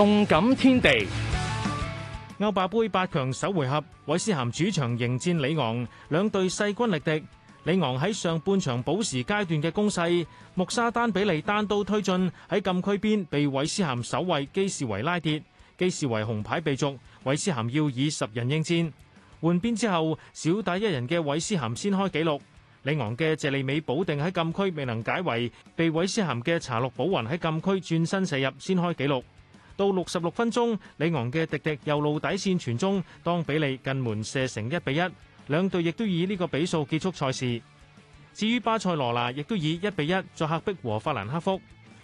動感天地，歐霸盃八強首回合，韋斯咸主場迎戰里昂，兩隊勢均力敵。里昂喺上半場補時階段嘅攻勢，穆沙丹比利單刀推進喺禁區邊，被韋斯咸守衛基斯維拉跌，基斯維紅牌被逐，韋斯咸要以十人應戰。換邊之後，少打一人嘅韋斯咸先開紀錄。里昂嘅謝利美保定喺禁區未能解圍，被韋斯咸嘅查洛保雲喺禁區轉身射入，先開紀錄。到六十六分鐘，里昂嘅迪迪右路底線傳中，當比利近門射成一比一。兩隊亦都以呢個比數結束賽事。至於巴塞羅那亦都以一比一作客逼和法蘭克福。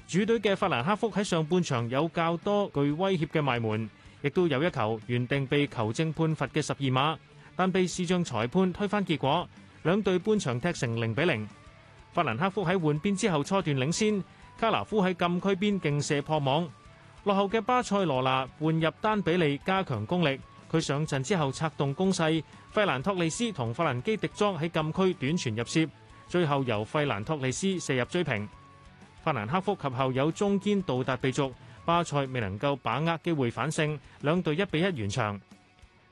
主隊嘅法蘭克福喺上半場有較多具威脅嘅埋門，亦都有一球原定被球證判罰嘅十二碼，但被視像裁判推翻結果，兩隊半場踢成零比零。法蘭克福喺換邊之後初段領先，卡拿夫喺禁區邊勁射破網。落後嘅巴塞羅那換入丹比利加強攻力，佢上陣之後策動攻勢，費蘭托利斯同法蘭基迪莊喺禁區短傳入攝，最後由費蘭托利斯射入追平。法蘭克福及後有中堅到達被逐，巴塞未能夠把握機會反勝，兩隊一比一完場。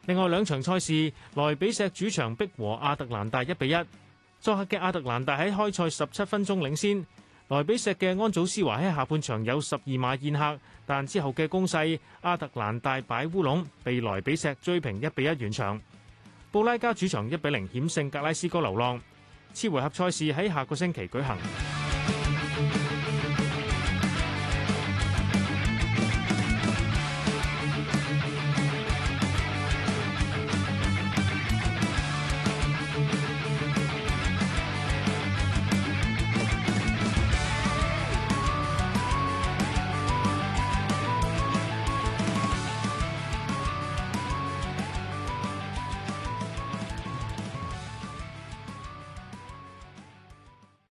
另外兩場賽事，萊比錫主場逼和阿特蘭大一比一，作客嘅阿特蘭大喺開賽十七分鐘領先。萊比錫嘅安祖斯華喺下半場有十二碼宴客，但之後嘅攻勢，阿特蘭大擺烏龍，被萊比錫追平一比一完場。布拉加主場一比零險勝格拉斯哥流浪，次回合賽事喺下個星期舉行。